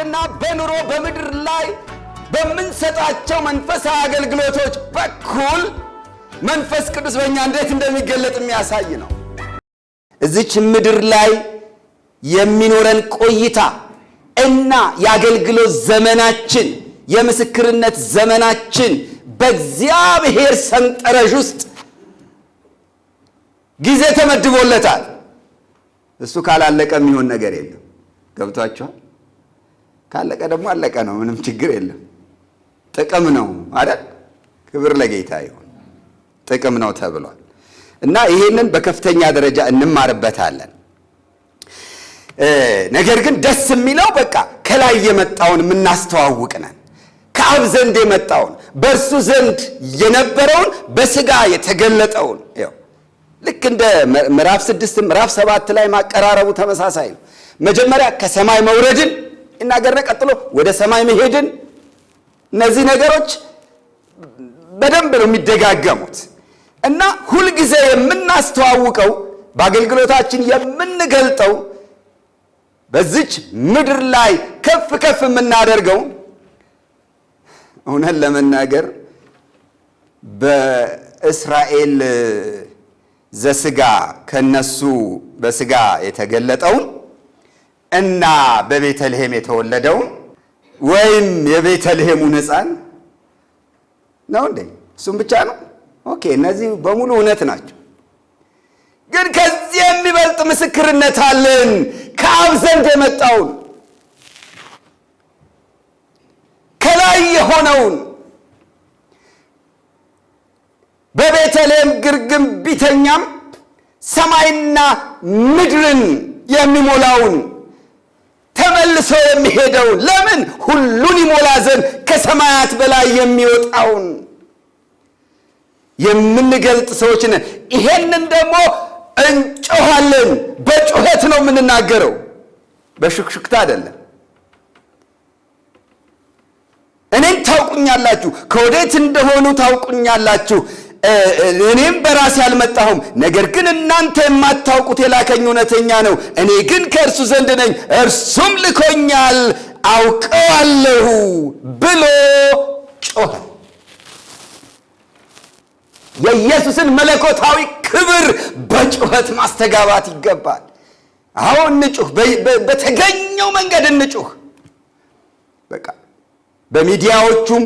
በክርስትና በኑሮ በምድር ላይ በምንሰጣቸው መንፈሳዊ አገልግሎቶች በኩል መንፈስ ቅዱስ በእኛ እንዴት እንደሚገለጥ የሚያሳይ ነው። እዚች ምድር ላይ የሚኖረን ቆይታ እና የአገልግሎት ዘመናችን የምስክርነት ዘመናችን በእግዚአብሔር ሰንጠረዥ ውስጥ ጊዜ ተመድቦለታል። እሱ ካላለቀ የሚሆን ነገር የለም። ገብቷችኋል? ካለቀ ደግሞ አለቀ ነው። ምንም ችግር የለም። ጥቅም ነው አይደል? ክብር ለጌታ ይሁን። ጥቅም ነው ተብሏል እና ይህንን በከፍተኛ ደረጃ እንማርበታለን። ነገር ግን ደስ የሚለው በቃ ከላይ የመጣውን የምናስተዋውቅ ነን። ከአብ ዘንድ የመጣውን በእርሱ ዘንድ የነበረውን በስጋ የተገለጠውን ያው ልክ እንደ ምዕራፍ ስድስት ምዕራፍ ሰባት ላይ ማቀራረቡ ተመሳሳይ ነው። መጀመሪያ ከሰማይ መውረድን ይናገርና ቀጥሎ ወደ ሰማይ መሄድን እነዚህ ነገሮች በደንብ ነው የሚደጋገሙት እና ሁልጊዜ የምናስተዋውቀው በአገልግሎታችን የምንገልጠው በዚች ምድር ላይ ከፍ ከፍ የምናደርገው እውነት ለመናገር በእስራኤል ዘስጋ ከነሱ በስጋ የተገለጠውን እና በቤተልሔም የተወለደውን ወይም የቤተልሔሙን ሕፃን ነው እንዴ? እሱም ብቻ ነው? ኦኬ፣ እነዚህ በሙሉ እውነት ናቸው። ግን ከዚህ የሚበልጥ ምስክርነት አለን ከአብ ዘንድ የመጣውን ከላይ የሆነውን በቤተልሔም ግርግም ቢተኛም ሰማይና ምድርን የሚሞላውን ተመልሶ የሚሄደው ለምን? ሁሉን ይሞላ ዘንድ ከሰማያት በላይ የሚወጣውን የምንገልጥ ሰዎች ነን። ይሄንን ደግሞ እንጮኋለን። በጩኸት ነው የምንናገረው፣ በሹክሹክታ አይደለም። እኔን ታውቁኛላችሁ፣ ከወዴት እንደሆኑ ታውቁኛላችሁ እኔም በራሴ አልመጣሁም፣ ነገር ግን እናንተ የማታውቁት የላከኝ እውነተኛ ነው። እኔ ግን ከእርሱ ዘንድ ነኝ፣ እርሱም ልኮኛል፣ አውቀዋለሁ ብሎ ጮኸ። የኢየሱስን መለኮታዊ ክብር በጩኸት ማስተጋባት ይገባል። አሁ እንጩህ፣ በተገኘው መንገድ እንጩህ። በቃ በሚዲያዎቹም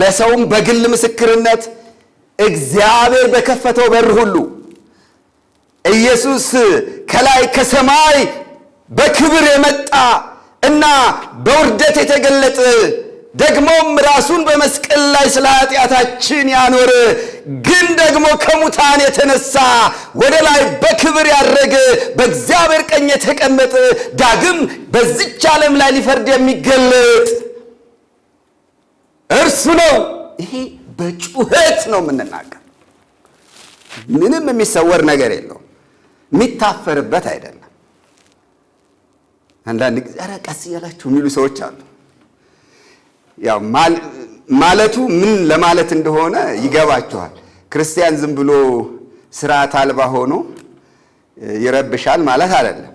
ለሰውም በግል ምስክርነት እግዚአብሔር በከፈተው በር ሁሉ ኢየሱስ ከላይ ከሰማይ በክብር የመጣ እና በውርደት የተገለጠ ደግሞም ራሱን በመስቀል ላይ ስለ ኃጢአታችን ያኖረ ግን ደግሞ ከሙታን የተነሳ ወደ ላይ በክብር ያረገ በእግዚአብሔር ቀኝ የተቀመጠ ዳግም በዚች ዓለም ላይ ሊፈርድ የሚገለጥ እርሱ ነው። ይሄ በጩኸት ነው የምንናገር። ምንም የሚሰወር ነገር የለውም። የሚታፈርበት አይደለም። አንዳንድ ጊዜ ኧረ ቀስ እያላችሁ የሚሉ ሰዎች አሉ። ያው ማለቱ ምን ለማለት እንደሆነ ይገባችኋል። ክርስቲያን ዝም ብሎ ስርዓት አልባ ሆኖ ይረብሻል ማለት አይደለም።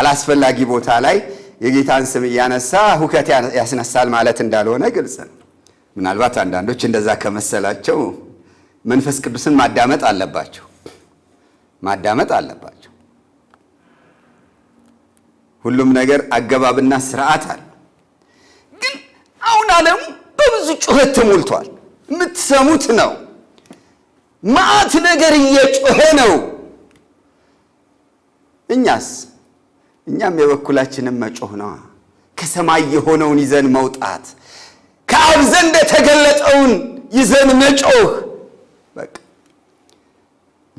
አላስፈላጊ ቦታ ላይ የጌታን ስም እያነሳ ሁከት ያስነሳል ማለት እንዳልሆነ ግልጽ ነው። ምናልባት አንዳንዶች እንደዛ ከመሰላቸው መንፈስ ቅዱስን ማዳመጥ አለባቸው ማዳመጥ አለባቸው። ሁሉም ነገር አገባብና ስርዓት አለ። ግን አሁን አለም በብዙ ጩኸት ተሞልቷል። የምትሰሙት ነው። መዓት ነገር እየጮኸ ነው። እኛስ እኛም የበኩላችንን መጮህ ነዋ። ከሰማይ የሆነውን ይዘን መውጣት ከአብ ዘንድ የተገለጠውን ይዘን መጮህ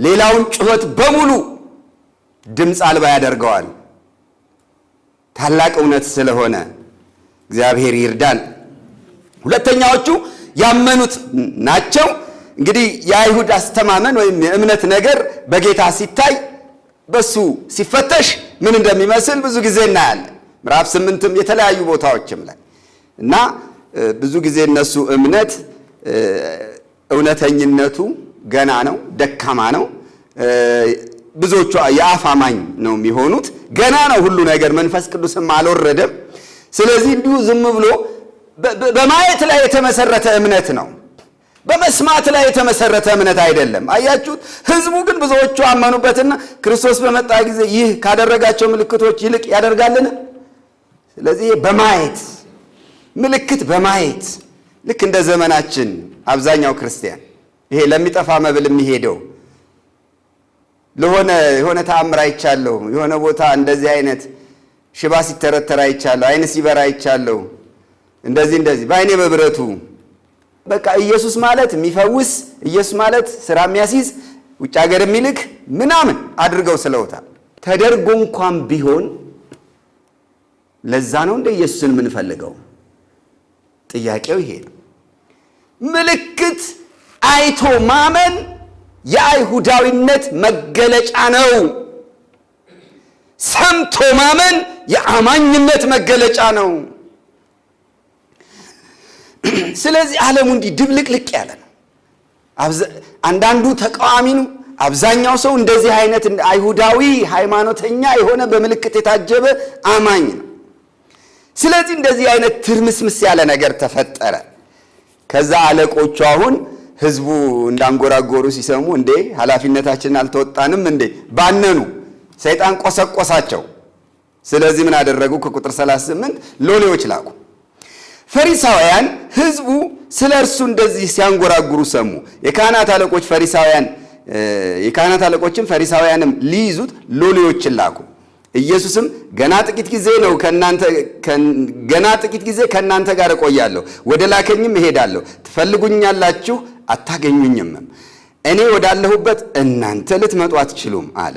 ሌላውን ጩኸት በሙሉ ድምፅ አልባ ያደርገዋል። ታላቅ እውነት ስለሆነ እግዚአብሔር ይርዳን። ሁለተኛዎቹ ያመኑት ናቸው። እንግዲህ የአይሁድ አስተማመን ወይም የእምነት ነገር በጌታ ሲታይ በሱ ሲፈተሽ ምን እንደሚመስል ብዙ ጊዜ እናያለን። ምዕራፍ ስምንትም የተለያዩ ቦታዎችም ላይ እና ብዙ ጊዜ እነሱ እምነት እውነተኝነቱ ገና ነው፣ ደካማ ነው። ብዙዎቹ የአፍ አማኝ ነው የሚሆኑት። ገና ነው ሁሉ ነገር፣ መንፈስ ቅዱስም አልወረደም። ስለዚህ እንዲሁ ዝም ብሎ በማየት ላይ የተመሰረተ እምነት ነው፣ በመስማት ላይ የተመሰረተ እምነት አይደለም። አያችሁት? ህዝቡ ግን ብዙዎቹ አመኑበትና ክርስቶስ በመጣ ጊዜ ይህ ካደረጋቸው ምልክቶች ይልቅ ያደርጋልን? ስለዚህ በማየት ምልክት በማየት ልክ እንደ ዘመናችን አብዛኛው ክርስቲያን ይሄ ለሚጠፋ መብል የሚሄደው ለሆነ የሆነ ተአምር አይቻለሁ፣ የሆነ ቦታ እንደዚህ አይነት ሽባ ሲተረተር አይቻለሁ፣ አይን ሲበራ አይቻለሁ፣ እንደዚህ እንደዚህ በአይኔ በብረቱ በቃ ኢየሱስ ማለት የሚፈውስ ኢየሱስ ማለት ስራ የሚያስይዝ ውጭ ሀገር የሚልክ ምናምን አድርገው ስለውታል። ተደርጎ እንኳን ቢሆን ለዛ ነው እንደ ኢየሱስን የምንፈልገው። ጥያቄው ይሄ ነው። ምልክት አይቶ ማመን የአይሁዳዊነት መገለጫ ነው። ሰምቶ ማመን የአማኝነት መገለጫ ነው። ስለዚህ ዓለሙ እንዲህ ድብልቅልቅ ያለ ነው። አንዳንዱ ተቃዋሚ ነው። አብዛኛው ሰው እንደዚህ አይነት አይሁዳዊ ሃይማኖተኛ የሆነ በምልክት የታጀበ አማኝ ነው። ስለዚህ እንደዚህ አይነት ትርምስምስ ያለ ነገር ተፈጠረ። ከዛ አለቆቹ አሁን ህዝቡ እንዳንጎራጎሩ ሲሰሙ እንዴ ኃላፊነታችንን አልተወጣንም እንዴ ባነኑ። ሰይጣን ቆሰቆሳቸው። ስለዚህ ምን አደረጉ? ከቁጥር 38 ሎሌዎች ላኩ። ፈሪሳውያን ህዝቡ ስለ እርሱ እንደዚህ ሲያንጎራጉሩ ሰሙ። የካህናት አለቆች ፈሪሳውያን የካህናት አለቆችም ፈሪሳውያንም ሊይዙት ሎሌዎችን ላኩ። ኢየሱስም ገና ጥቂት ጊዜ ነው ገና ጥቂት ጊዜ ከእናንተ ጋር እቆያለሁ፣ ወደ ላከኝም እሄዳለሁ፣ ትፈልጉኛላችሁ፣ አታገኙኝም፣ እኔ ወዳለሁበት እናንተ ልትመጡ አትችሉም አለ።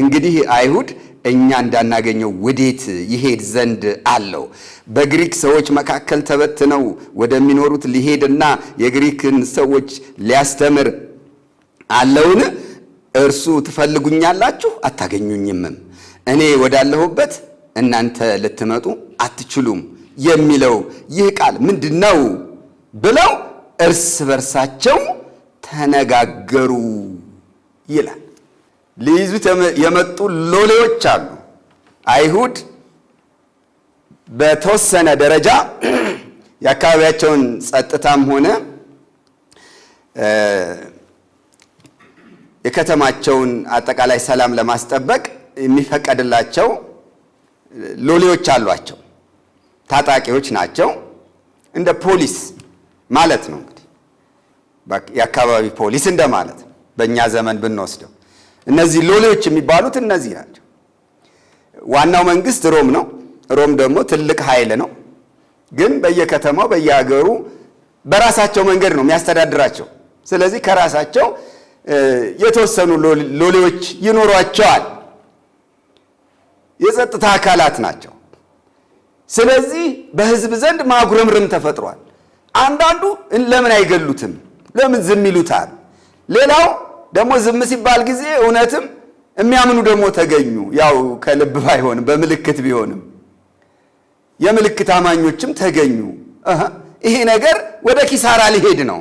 እንግዲህ አይሁድ እኛ እንዳናገኘው ወዴት ይሄድ ዘንድ አለው? በግሪክ ሰዎች መካከል ተበትነው ወደሚኖሩት ሊሄድና የግሪክን ሰዎች ሊያስተምር አለውን? እርሱ ትፈልጉኛላችሁ አታገኙኝምም እኔ ወዳለሁበት እናንተ ልትመጡ አትችሉም የሚለው ይህ ቃል ምንድን ነው ብለው እርስ በርሳቸው ተነጋገሩ ይላል። ሊይዙት የመጡ ሎሌዎች አሉ። አይሁድ በተወሰነ ደረጃ የአካባቢያቸውን ጸጥታም ሆነ የከተማቸውን አጠቃላይ ሰላም ለማስጠበቅ የሚፈቀድላቸው ሎሌዎች አሏቸው፣ ታጣቂዎች ናቸው። እንደ ፖሊስ ማለት ነው እንግዲህ የአካባቢ ፖሊስ እንደማለት ነው በእኛ ዘመን ብንወስደው። እነዚህ ሎሌዎች የሚባሉት እነዚህ ናቸው። ዋናው መንግስት ሮም ነው። ሮም ደግሞ ትልቅ ኃይል ነው። ግን በየከተማው በየሀገሩ በራሳቸው መንገድ ነው የሚያስተዳድራቸው። ስለዚህ ከራሳቸው የተወሰኑ ሎሌዎች ይኖሯቸዋል። የጸጥታ አካላት ናቸው። ስለዚህ በህዝብ ዘንድ ማጉረምርም ተፈጥሯል። አንዳንዱ ለምን አይገሉትም? ለምን ዝም ይሉታል? ሌላው ደግሞ ዝም ሲባል ጊዜ እውነትም የሚያምኑ ደግሞ ተገኙ። ያው ከልብ ባይሆንም በምልክት ቢሆንም የምልክት አማኞችም ተገኙ። ይሄ ነገር ወደ ኪሳራ ሊሄድ ነው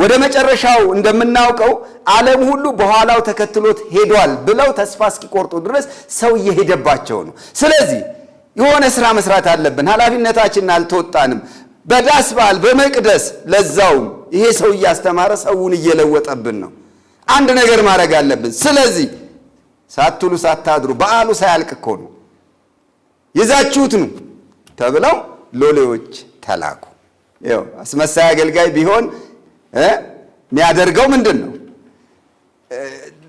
ወደ መጨረሻው እንደምናውቀው ዓለም ሁሉ በኋላው ተከትሎት ሄዷል ብለው ተስፋ እስኪቆርጡ ድረስ ሰው እየሄደባቸው ነው። ስለዚህ የሆነ ስራ መስራት አለብን። ኃላፊነታችንን አልተወጣንም። በዳስ በዓል በመቅደስ ለዛውም ይሄ ሰው እያስተማረ ሰውን እየለወጠብን ነው። አንድ ነገር ማድረግ አለብን። ስለዚህ ሳትሉ ሳታድሩ በዓሉ ሳያልቅ እኮ ነው ይዛችሁት ነው ተብለው ሎሌዎች ተላኩ። አስመሳይ አገልጋይ ቢሆን የሚያደርገው ምንድን ነው?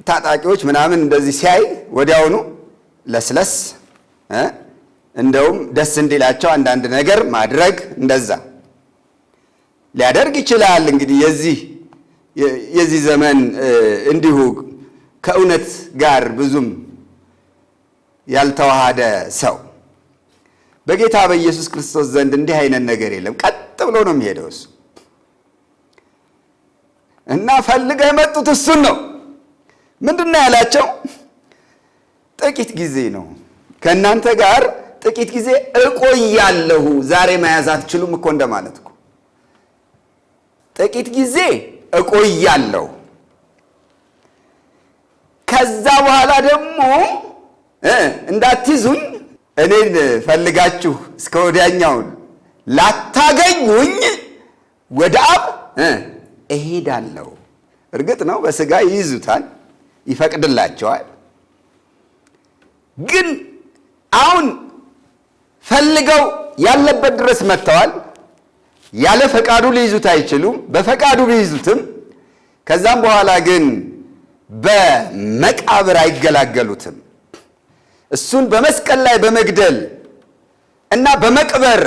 ታጣቂዎች ምናምን እንደዚህ ሲያይ ወዲያውኑ ለስለስ እንደውም ደስ እንዲላቸው አንዳንድ ነገር ማድረግ እንደዛ ሊያደርግ ይችላል። እንግዲህ የዚህ የዚህ ዘመን እንዲሁ ከእውነት ጋር ብዙም ያልተዋሃደ ሰው በጌታ በኢየሱስ ክርስቶስ ዘንድ እንዲህ አይነት ነገር የለም። ቀጥ ብሎ ነው የሚሄደው እሱ እና ፈልገው የመጡት እሱን ነው። ምንድን ነው ያላቸው? ጥቂት ጊዜ ነው ከእናንተ ጋር ጥቂት ጊዜ እቆያለሁ። ዛሬ መያዝ አትችሉም እኮ እንደማለት እኮ። ጥቂት ጊዜ እቆያለሁ፣ ከዛ በኋላ ደግሞ እንዳትይዙኝ እኔን ፈልጋችሁ እስከ ወዲያኛውን ላታገኙኝ ወደ አብ እሄዳለሁ። እርግጥ ነው በስጋ ይይዙታል፣ ይፈቅድላቸዋል። ግን አሁን ፈልገው ያለበት ድረስ መጥተዋል። ያለ ፈቃዱ ሊይዙት አይችሉም። በፈቃዱ ቢይዙትም ከዛም በኋላ ግን በመቃብር አይገላገሉትም። እሱን በመስቀል ላይ በመግደል እና በመቅበር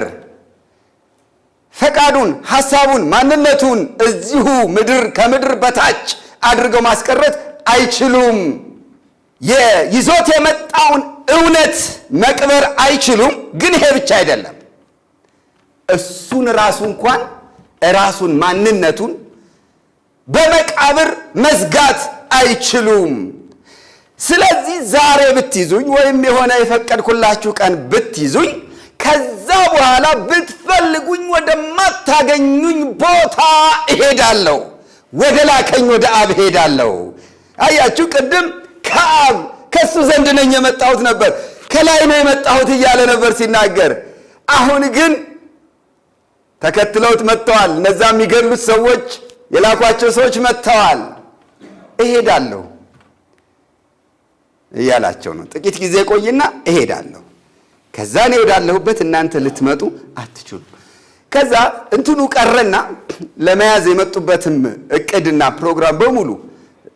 ፈቃዱን፣ ሐሳቡን፣ ማንነቱን እዚሁ ምድር ከምድር በታች አድርገው ማስቀረት አይችሉም። ይዞት የመጣውን እውነት መቅበር አይችሉም። ግን ይሄ ብቻ አይደለም። እሱን ራሱ እንኳን ራሱን ማንነቱን በመቃብር መዝጋት አይችሉም። ስለዚህ ዛሬ ብትይዙኝ ወይም የሆነ የፈቀድኩላችሁ ቀን ብትይዙኝ ከዛ በኋላ ብትፈልጉኝ ወደማታገኙኝ ቦታ እሄዳለሁ፣ ወደ ላከኝ ወደ አብ እሄዳለሁ። አያችሁ፣ ቅድም ከአብ ከእሱ ዘንድ ነኝ የመጣሁት ነበር፣ ከላይ ነው የመጣሁት እያለ ነበር ሲናገር። አሁን ግን ተከትለውት መጥተዋል። እነዛ የሚገሉት ሰዎች የላኳቸው ሰዎች መጥተዋል። እሄዳለሁ እያላቸው ነው። ጥቂት ጊዜ ቆይና እሄዳለሁ ከዛ እኔ ወዳለሁበት እናንተ ልትመጡ አትችሉ ከዛ እንትኑ ቀረና ለመያዝ የመጡበትም እቅድና ፕሮግራም በሙሉ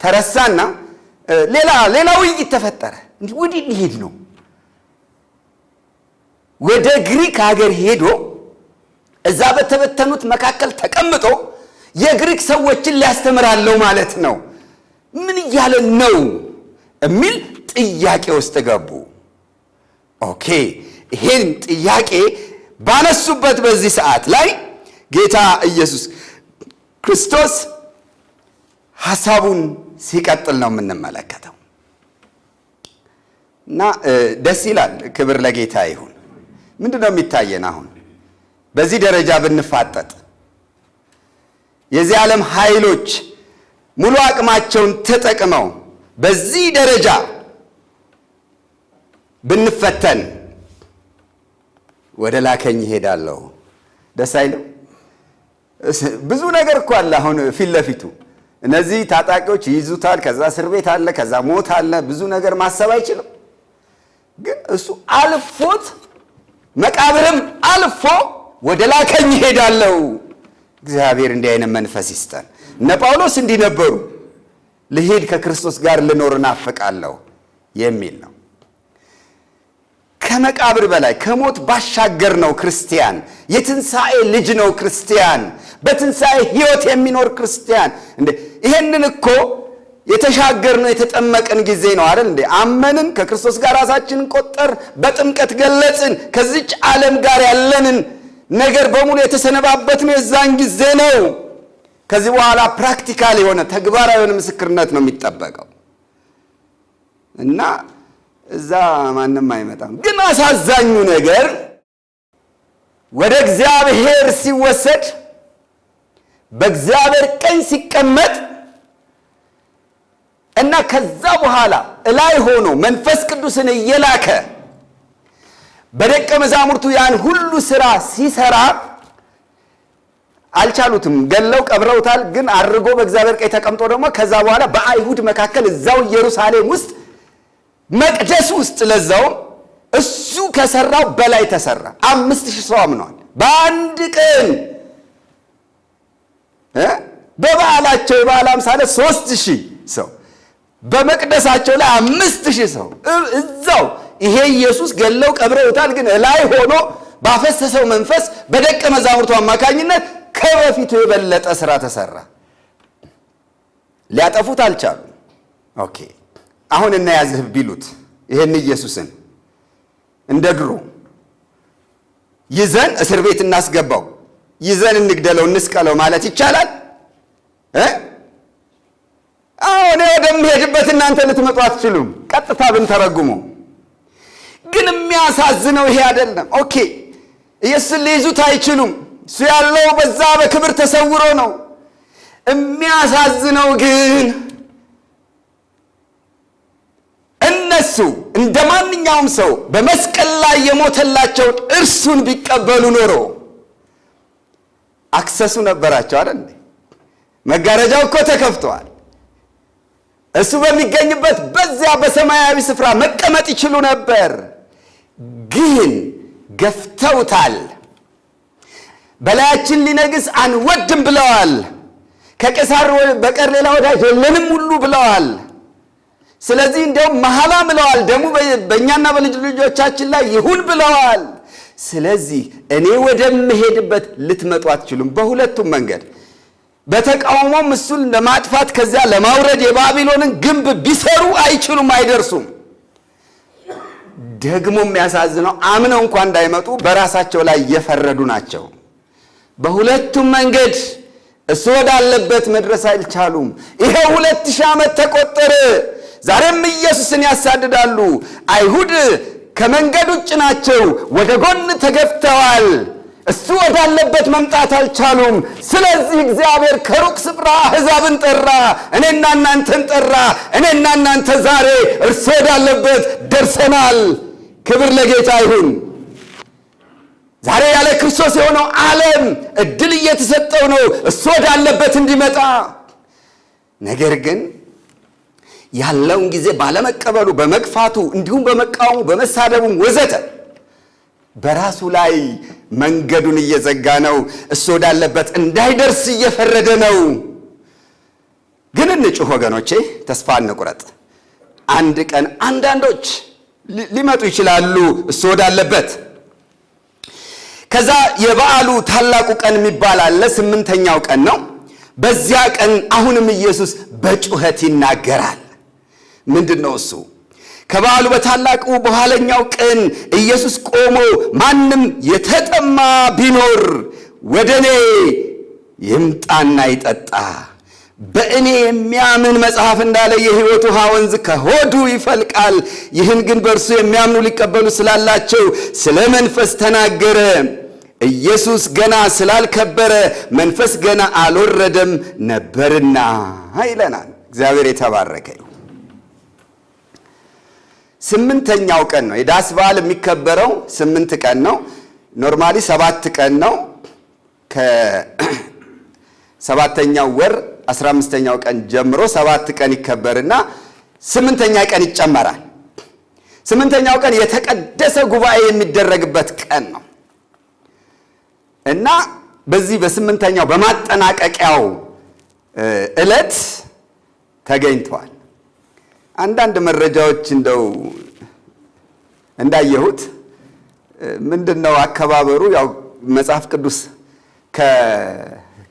ተረሳና ሌላ ሌላ ውይይት ተፈጠረ። እንዲህ ወዲህ ሊሄድ ነው ወደ ግሪክ ሀገር ሄዶ እዛ በተበተኑት መካከል ተቀምጦ የግሪክ ሰዎችን ሊያስተምራለው ማለት ነው። ምን እያለ ነው የሚል ጥያቄ ውስጥ ገቡ። ኦኬ ይሄን ጥያቄ ባነሱበት በዚህ ሰዓት ላይ ጌታ ኢየሱስ ክርስቶስ ሐሳቡን ሲቀጥል ነው የምንመለከተው እና ደስ ይላል። ክብር ለጌታ ይሁን። ምንድን ነው የሚታየን? አሁን በዚህ ደረጃ ብንፋጠጥ የዚህ ዓለም ኃይሎች ሙሉ አቅማቸውን ተጠቅመው በዚህ ደረጃ ብንፈተን ወደ ላከኝ ይሄዳለሁ። ደስ አይልም? ብዙ ነገር እኮ አለ። አሁን ፊት ለፊቱ እነዚህ ታጣቂዎች ይይዙታል። ከዛ እስር ቤት አለ፣ ከዛ ሞት አለ። ብዙ ነገር ማሰብ አይችልም። ግን እሱ አልፎት መቃብርም አልፎ ወደ ላከኝ ይሄዳለሁ። እግዚአብሔር እንዲህ አይነት መንፈስ ይስጠን። እነ ጳውሎስ እንዲህ ነበሩ። ልሄድ ከክርስቶስ ጋር ልኖር እናፍቃለሁ የሚል ነው። ከመቃብር በላይ ከሞት ባሻገር ነው ክርስቲያን። የትንሣኤ ልጅ ነው ክርስቲያን። በትንሣኤ ሕይወት የሚኖር ክርስቲያን። እንዴ ይሄንን እኮ የተሻገርነው የተጠመቀን ጊዜ ነው አይደል? እንዴ አመንን፣ ከክርስቶስ ጋር ራሳችንን ቆጠር፣ በጥምቀት ገለጽን። ከዚች ዓለም ጋር ያለንን ነገር በሙሉ የተሰነባበትነው የዛን ጊዜ ነው። ከዚህ በኋላ ፕራክቲካል የሆነ ተግባራዊ የሆነ ምስክርነት ነው የሚጠበቀው እና እዛ ማንም አይመጣም። ግን አሳዛኙ ነገር ወደ እግዚአብሔር ሲወሰድ በእግዚአብሔር ቀኝ ሲቀመጥ እና ከዛ በኋላ እላይ ሆኖ መንፈስ ቅዱስን እየላከ በደቀ መዛሙርቱ ያን ሁሉ ስራ ሲሰራ አልቻሉትም። ገለው ቀብረውታል። ግን አድርጎ በእግዚአብሔር ቀኝ ተቀምጦ ደግሞ ከዛ በኋላ በአይሁድ መካከል እዛው ኢየሩሳሌም ውስጥ መቅደስ ውስጥ ለዛውም እሱ ከሰራው በላይ ተሰራ። አምስት ሺህ ሰው አምነዋል። በአንድ ቀን በበዓላቸው የበዓል አምሳለ ሶስት ሺህ ሰው በመቅደሳቸው ላይ አምስት ሺህ ሰው እዛው ይሄ ኢየሱስ ገለው ቀብረውታል። ግን ላይ ሆኖ ባፈሰሰው መንፈስ በደቀ መዛሙርቱ አማካኝነት ከበፊቱ የበለጠ ስራ ተሰራ። ሊያጠፉት አልቻሉም። ኦኬ አሁን እናያዝህ ቢሉት ይህን ኢየሱስን እንደ ድሮ ይዘን እስር ቤት እናስገባው፣ ይዘን እንግደለው፣ እንስቀለው ማለት ይቻላል? አሁን ወደምሄድበት እናንተ ልትመጡ አትችሉም። ቀጥታ ብንተረጉሙ ግን የሚያሳዝነው ይሄ አይደለም። ኦኬ ኢየሱስን ሊይዙት አይችሉም። እሱ ያለው በዛ በክብር ተሰውሮ ነው። የሚያሳዝነው ግን እነሱ እንደ ማንኛውም ሰው በመስቀል ላይ የሞተላቸው እርሱን ቢቀበሉ ኖሮ አክሰሱ ነበራቸው አይደል? መጋረጃው እኮ ተከፍተዋል። እሱ በሚገኝበት በዚያ በሰማያዊ ስፍራ መቀመጥ ይችሉ ነበር፣ ግን ገፍተውታል። በላያችን ሊነግስ አንወድም ብለዋል። ከቄሳር በቀር ሌላ ወዳጅ የለንም ሁሉ ብለዋል። ስለዚህ እንዲያውም መሐላ ብለዋል። ደሙ በእኛና በልጅ ልጆቻችን ላይ ይሁን ብለዋል። ስለዚህ እኔ ወደምሄድበት ልትመጡ አትችሉም። በሁለቱም መንገድ በተቃውሞም እሱን ለማጥፋት ከዚያ ለማውረድ የባቢሎንን ግንብ ቢሰሩ አይችሉም፣ አይደርሱም። ደግሞ የሚያሳዝነው አምነው እንኳ እንዳይመጡ በራሳቸው ላይ እየፈረዱ ናቸው። በሁለቱም መንገድ እሱ ወዳለበት መድረስ አልቻሉም። ይሄ ሁለት ሺህ ዓመት ተቆጠረ። ዛሬም ኢየሱስን ያሳድዳሉ። አይሁድ ከመንገድ ውጭ ናቸው፣ ወደ ጎን ተገፍተዋል። እሱ ወዳለበት መምጣት አልቻሉም። ስለዚህ እግዚአብሔር ከሩቅ ስፍራ አሕዛብን ጠራ፣ እኔና እናንተን ጠራ። እኔና እናንተ ዛሬ እርሱ ወዳለበት ደርሰናል። ክብር ለጌታ ይሁን። ዛሬ ያለ ክርስቶስ የሆነው ዓለም እድል እየተሰጠው ነው እሱ ወዳለበት እንዲመጣ ነገር ግን ያለውን ጊዜ ባለመቀበሉ፣ በመግፋቱ፣ እንዲሁም በመቃወሙ፣ በመሳደቡም ወዘተ በራሱ ላይ መንገዱን እየዘጋ ነው። እሱ ወዳለበት እንዳይደርስ እየፈረደ ነው። ግን እንጩህ ወገኖቼ፣ ተስፋ እንቁረጥ። አንድ ቀን አንዳንዶች ሊመጡ ይችላሉ እሱ ወዳለበት። ከዛ የበዓሉ ታላቁ ቀን የሚባል አለ። ስምንተኛው ቀን ነው። በዚያ ቀን አሁንም ኢየሱስ በጩኸት ይናገራል። ምንድን ነው እሱ? ከበዓሉ በታላቁ በኋለኛው ቀን ኢየሱስ ቆሞ ማንም የተጠማ ቢኖር ወደ እኔ ይምጣና ይጠጣ፣ በእኔ የሚያምን መጽሐፍ እንዳለ የሕይወት ውሃ ወንዝ ከሆዱ ይፈልቃል። ይህን ግን በእርሱ የሚያምኑ ሊቀበሉ ስላላቸው ስለ መንፈስ ተናገረ። ኢየሱስ ገና ስላልከበረ መንፈስ ገና አልወረደም ነበርና ይለናል። እግዚአብሔር የተባረከ ስምንተኛው ቀን ነው። የዳስ በዓል የሚከበረው ስምንት ቀን ነው። ኖርማሊ ሰባት ቀን ነው። ከሰባተኛው ወር አስራ አምስተኛው ቀን ጀምሮ ሰባት ቀን ይከበርና ስምንተኛ ቀን ይጨመራል። ስምንተኛው ቀን የተቀደሰ ጉባኤ የሚደረግበት ቀን ነው እና በዚህ በስምንተኛው በማጠናቀቂያው ዕለት ተገኝተዋል። አንዳንድ መረጃዎች እንደው እንዳየሁት ምንድነው አከባበሩ ያው መጽሐፍ ቅዱስ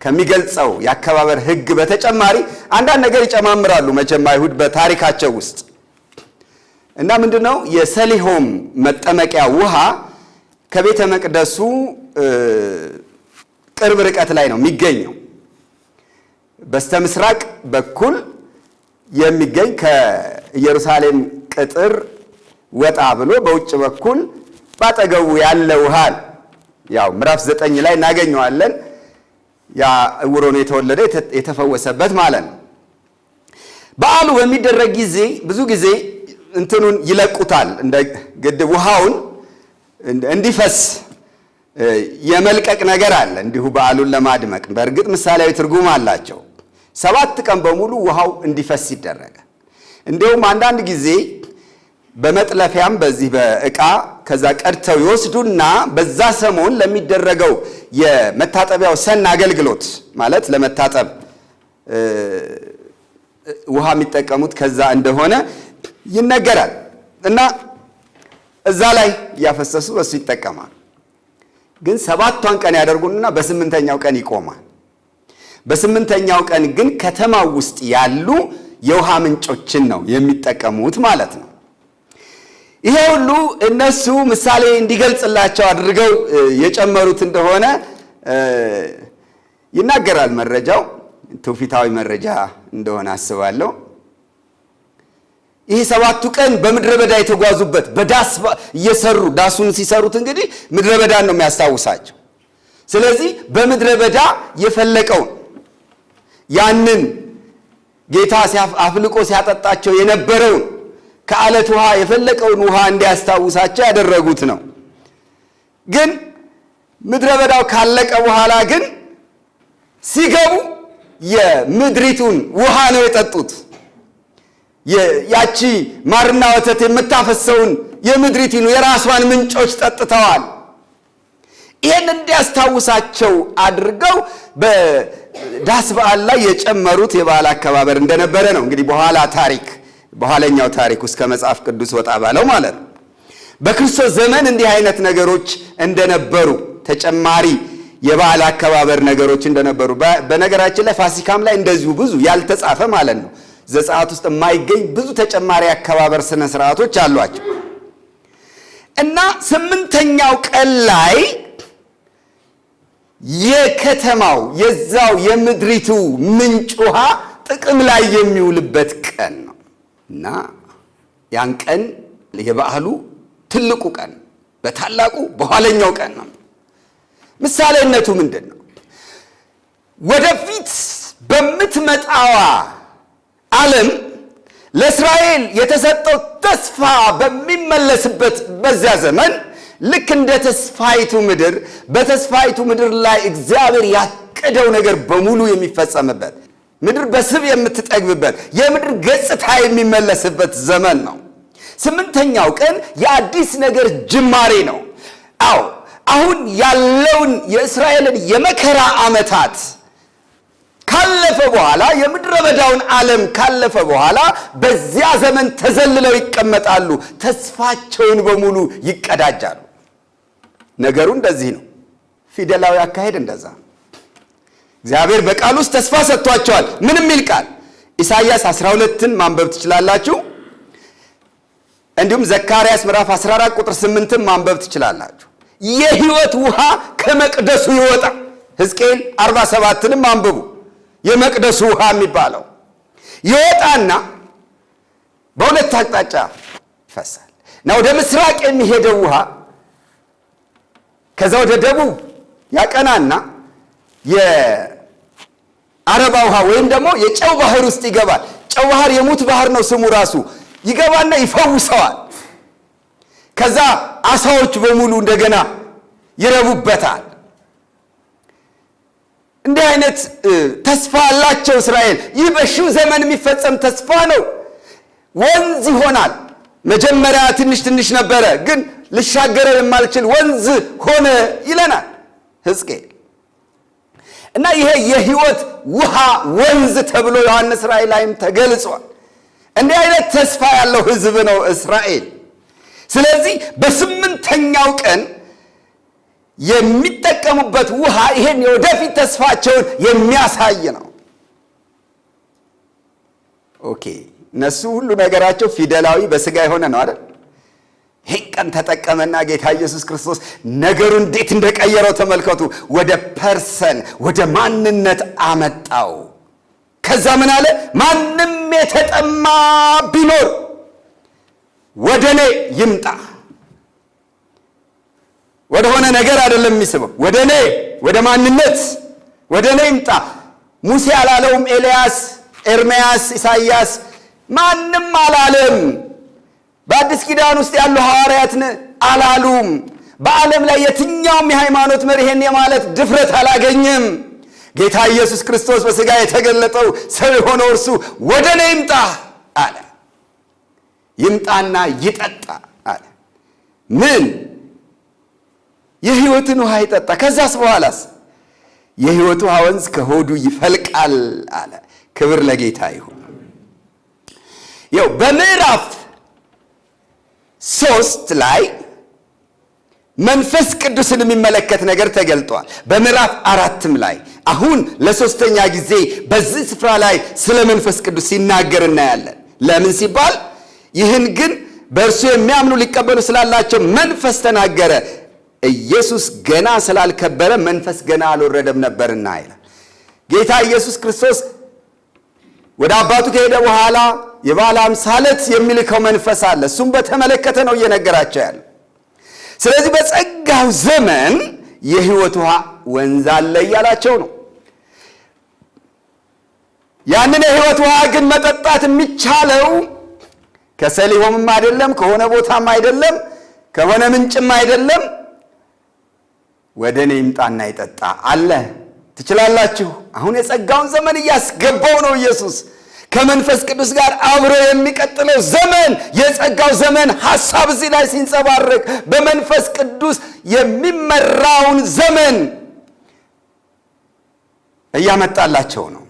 ከሚገልጸው የአከባበር ሕግ በተጨማሪ አንዳንድ ነገር ይጨማምራሉ። መቼም አይሁድ በታሪካቸው ውስጥ እና ምንድነው የሰሊሆም መጠመቂያ ውሃ ከቤተ መቅደሱ ቅርብ ርቀት ላይ ነው የሚገኘው። በስተ ምስራቅ በኩል የሚገኝ ከኢየሩሳሌም ቅጥር ወጣ ብሎ በውጭ በኩል ባጠገቡ ያለ ውሃ ያው ምዕራፍ ዘጠኝ ላይ እናገኘዋለን። ያ ዕውር የተወለደ የተፈወሰበት ማለት ነው። በዓሉ በሚደረግ ጊዜ ብዙ ጊዜ እንትኑን ይለቁታል፣ እንደ ግድብ ውሃውን እንዲፈስ የመልቀቅ ነገር አለ፣ እንዲሁ በዓሉን ለማድመቅ። በእርግጥ ምሳሌያዊ ትርጉም አላቸው። ሰባት ቀን በሙሉ ውሃው እንዲፈስ ይደረገ። እንዲሁም አንዳንድ ጊዜ በመጥለፊያም በዚህ በእቃ ከዛ ቀድተው ይወስዱና በዛ ሰሞን ለሚደረገው የመታጠቢያው ሰን አገልግሎት ማለት ለመታጠብ ውሃ የሚጠቀሙት ከዛ እንደሆነ ይነገራል እና እዛ ላይ እያፈሰሱ እሱ ይጠቀማል። ግን ሰባቷን ቀን ያደርጉንና በስምንተኛው ቀን ይቆማል። በስምንተኛው ቀን ግን ከተማው ውስጥ ያሉ የውሃ ምንጮችን ነው የሚጠቀሙት ማለት ነው። ይሄ ሁሉ እነሱ ምሳሌ እንዲገልጽላቸው አድርገው የጨመሩት እንደሆነ ይናገራል። መረጃው ትውፊታዊ መረጃ እንደሆነ አስባለሁ። ይህ ሰባቱ ቀን በምድረ በዳ የተጓዙበት በዳስ እየሰሩ ዳሱን ሲሰሩት እንግዲህ ምድረ በዳን ነው የሚያስታውሳቸው። ስለዚህ በምድረ በዳ የፈለቀውን ያንን ጌታ አፍልቆ ሲያጠጣቸው የነበረውን ከአለት ውሃ የፈለቀውን ውሃ እንዲያስታውሳቸው ያደረጉት ነው። ግን ምድረ በዳው ካለቀ በኋላ ግን ሲገቡ የምድሪቱን ውሃ ነው የጠጡት። ያቺ ማርና ወተት የምታፈሰውን የምድሪቱን የራሷን ምንጮች ጠጥተዋል። ይህን እንዲያስታውሳቸው አድርገው በዳስ በዓል ላይ የጨመሩት የበዓል አከባበር እንደነበረ ነው። እንግዲህ በኋላ ታሪክ በኋለኛው ታሪክ ውስጥ ከመጽሐፍ ቅዱስ ወጣ ባለው ማለት ነው። በክርስቶስ ዘመን እንዲህ አይነት ነገሮች እንደነበሩ ተጨማሪ የበዓል አከባበር ነገሮች እንደነበሩ በነገራችን ላይ ፋሲካም ላይ እንደዚሁ ብዙ ያልተጻፈ ማለት ነው ዘጸአት ውስጥ የማይገኝ ብዙ ተጨማሪ አከባበር ስነ ስርዓቶች አሏቸው እና ስምንተኛው ቀን ላይ የከተማው የዛው የምድሪቱ ምንጭ ውሃ ጥቅም ላይ የሚውልበት ቀን ነው እና ያን ቀን የበዓሉ ትልቁ ቀን በታላቁ በኋለኛው ቀን ነው። ምሳሌነቱ ምንድን ነው? ወደፊት በምትመጣዋ ዓለም ለእስራኤል የተሰጠው ተስፋ በሚመለስበት በዚያ ዘመን ልክ እንደ ተስፋይቱ ምድር በተስፋይቱ ምድር ላይ እግዚአብሔር ያቀደው ነገር በሙሉ የሚፈጸምበት ምድር በስብ የምትጠግብበት የምድር ገጽታ የሚመለስበት ዘመን ነው። ስምንተኛው ቀን የአዲስ ነገር ጅማሬ ነው። አዎ አሁን ያለውን የእስራኤልን የመከራ ዓመታት ካለፈ በኋላ የምድረ በዳውን ዓለም ካለፈ በኋላ በዚያ ዘመን ተዘልለው ይቀመጣሉ። ተስፋቸውን በሙሉ ይቀዳጃሉ። ነገሩ እንደዚህ ነው። ፊደላዊ አካሄድ እንደዛ እግዚአብሔር በቃል ውስጥ ተስፋ ሰጥቷቸዋል። ምን የሚል ቃል? ኢሳይያስ 12ን ማንበብ ትችላላችሁ። እንዲሁም ዘካርያስ ምዕራፍ 14 ቁጥር 8ን ማንበብ ትችላላችሁ። የህይወት ውሃ ከመቅደሱ ይወጣ። ሕዝቅኤል 47ንም አንብቡ። የመቅደሱ ውሃ የሚባለው ይወጣና በሁለት አቅጣጫ ይፈሳል እና ወደ ምስራቅ የሚሄደው ውሃ ከዛ ወደ ደቡብ ያቀናና የአረባ ውሃ ወይም ደግሞ የጨው ባህር ውስጥ ይገባል። ጨው ባህር የሙት ባህር ነው ስሙ ራሱ። ይገባና ይፈውሰዋል። ከዛ አሳዎች በሙሉ እንደገና ይረቡበታል። እንዲህ አይነት ተስፋ አላቸው እስራኤል። ይህ በሺው ዘመን የሚፈጸም ተስፋ ነው። ወንዝ ይሆናል። መጀመሪያ ትንሽ ትንሽ ነበረ ግን ልሻገረው የማልችል ወንዝ ሆነ ይለናል ህዝቅኤል እና ይሄ የህይወት ውሃ ወንዝ ተብሎ ዮሐንስ ራእይ ላይም ተገልጿል። እንዲህ አይነት ተስፋ ያለው ህዝብ ነው እስራኤል። ስለዚህ በስምንተኛው ቀን የሚጠቀሙበት ውሃ ይሄን የወደፊት ተስፋቸውን የሚያሳይ ነው። ኦኬ እነሱ ሁሉ ነገራቸው ፊደላዊ በስጋ የሆነ ነው አይደል? ቀን ተጠቀመና ጌታ ኢየሱስ ክርስቶስ ነገሩ እንዴት እንደቀየረው ተመልከቱ። ወደ ፐርሰን ወደ ማንነት አመጣው። ከዛ ምን አለ? ማንም የተጠማ ቢኖር ወደ እኔ ይምጣ። ወደሆነ ነገር አይደለም የሚስበው፣ ወደ እኔ ወደ ማንነት ወደ እኔ ይምጣ። ሙሴ አላለውም? ኤልያስ፣ ኤርምያስ፣ ኢሳይያስ ማንም አላለም። በአዲስ ኪዳን ውስጥ ያሉ ሐዋርያትን አላሉም። በዓለም ላይ የትኛውም የሃይማኖት መሪ የማለት ድፍረት አላገኝም። ጌታ ኢየሱስ ክርስቶስ በሥጋ የተገለጠው ሰው የሆነው እርሱ ወደ እኔ ይምጣ አለ። ይምጣና ይጠጣ አለ። ምን የሕይወትን ውሃ ይጠጣ። ከዛስ በኋላስ የሕይወት ውሃ ወንዝ ከሆዱ ይፈልቃል አለ። ክብር ለጌታ ይሁን። ያው በምዕራፍ ሶስት ላይ መንፈስ ቅዱስን የሚመለከት ነገር ተገልጧል። በምዕራፍ አራትም ላይ አሁን ለሶስተኛ ጊዜ በዚህ ስፍራ ላይ ስለ መንፈስ ቅዱስ ሲናገር እናያለን። ለምን ሲባል ይህን ግን በእርሱ የሚያምኑ ሊቀበሉ ስላላቸው መንፈስ ተናገረ፣ ኢየሱስ ገና ስላልከበረ መንፈስ ገና አልወረደም ነበርና ይላል። ጌታ ኢየሱስ ክርስቶስ ወደ አባቱ ከሄደ በኋላ የባለ አምሳለት የሚልከው መንፈስ አለ። እሱም በተመለከተ ነው እየነገራቸው ያለ። ስለዚህ በጸጋው ዘመን የህይወት ውሃ ወንዝ አለ እያላቸው ነው። ያንን የህይወት ውሃ ግን መጠጣት የሚቻለው ከሰሊሆምም አይደለም፣ ከሆነ ቦታም አይደለም፣ ከሆነ ምንጭም አይደለም። ወደ እኔ ይምጣና ይጠጣ አለ። ትችላላችሁ። አሁን የጸጋውን ዘመን እያስገባው ነው ኢየሱስ ከመንፈስ ቅዱስ ጋር አብሮ የሚቀጥለው ዘመን የጸጋው ዘመን ሐሳብ እዚህ ላይ ሲንጸባረቅ በመንፈስ ቅዱስ የሚመራውን ዘመን እያመጣላቸው ነው።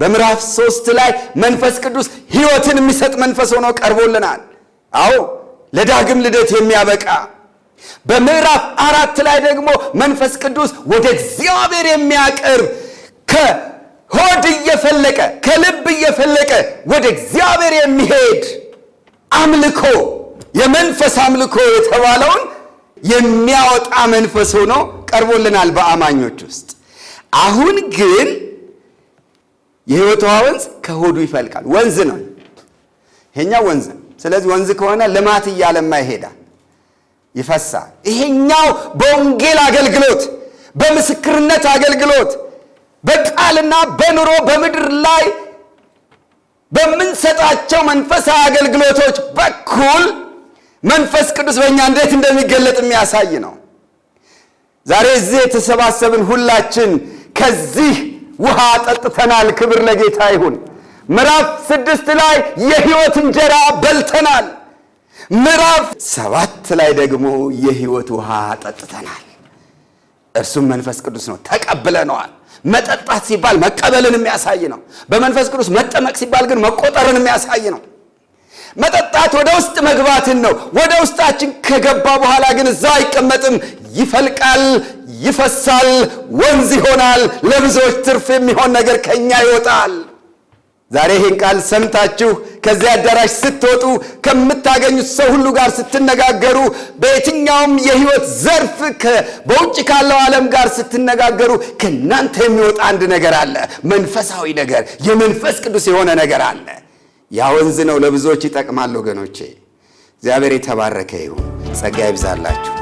በምዕራፍ ሶስት ላይ መንፈስ ቅዱስ ሕይወትን የሚሰጥ መንፈስ ሆኖ ቀርቦልናል። አዎ ለዳግም ልደት የሚያበቃ በምዕራፍ አራት ላይ ደግሞ መንፈስ ቅዱስ ወደ እግዚአብሔር የሚያቀርብ ሆድ እየፈለቀ ከልብ እየፈለቀ ወደ እግዚአብሔር የሚሄድ አምልኮ የመንፈስ አምልኮ የተባለውን የሚያወጣ መንፈስ ሆኖ ቀርቦልናል በአማኞች ውስጥ። አሁን ግን የህይወት ውሃ ወንዝ ከሆዱ ይፈልቃል። ወንዝ ነው ይሄኛው ወንዝ ነው። ስለዚህ ወንዝ ከሆነ ልማት እያለማ ይሄዳል፣ ይፈሳል። ይሄኛው በወንጌል አገልግሎት፣ በምስክርነት አገልግሎት በቃልና በኑሮ በምድር ላይ በምንሰጣቸው መንፈሳዊ አገልግሎቶች በኩል መንፈስ ቅዱስ በእኛ እንዴት እንደሚገለጥ የሚያሳይ ነው። ዛሬ እዚህ የተሰባሰብን ሁላችን ከዚህ ውሃ ጠጥተናል። ክብር ለጌታ ይሁን። ምዕራፍ ስድስት ላይ የሕይወት እንጀራ በልተናል። ምዕራፍ ሰባት ላይ ደግሞ የሕይወት ውሃ ጠጥተናል። እርሱም መንፈስ ቅዱስ ነው። ተቀብለነዋል። መጠጣት ሲባል መቀበልን የሚያሳይ ነው። በመንፈስ ቅዱስ መጠመቅ ሲባል ግን መቆጠርን የሚያሳይ ነው። መጠጣት ወደ ውስጥ መግባትን ነው። ወደ ውስጣችን ከገባ በኋላ ግን እዛ አይቀመጥም፣ ይፈልቃል፣ ይፈሳል፣ ወንዝ ይሆናል። ለብዙዎች ትርፍ የሚሆን ነገር ከኛ ይወጣል። ዛሬ ይህን ቃል ሰምታችሁ ከዚህ አዳራሽ ስትወጡ ከምታገኙት ሰው ሁሉ ጋር ስትነጋገሩ፣ በየትኛውም የህይወት ዘርፍ በውጭ ካለው ዓለም ጋር ስትነጋገሩ ከእናንተ የሚወጣ አንድ ነገር አለ። መንፈሳዊ ነገር፣ የመንፈስ ቅዱስ የሆነ ነገር አለ። ያ ወንዝ ነው፣ ለብዙዎች ይጠቅማል። ወገኖቼ እግዚአብሔር የተባረከ ይሁን፣ ጸጋ ይብዛላችሁ።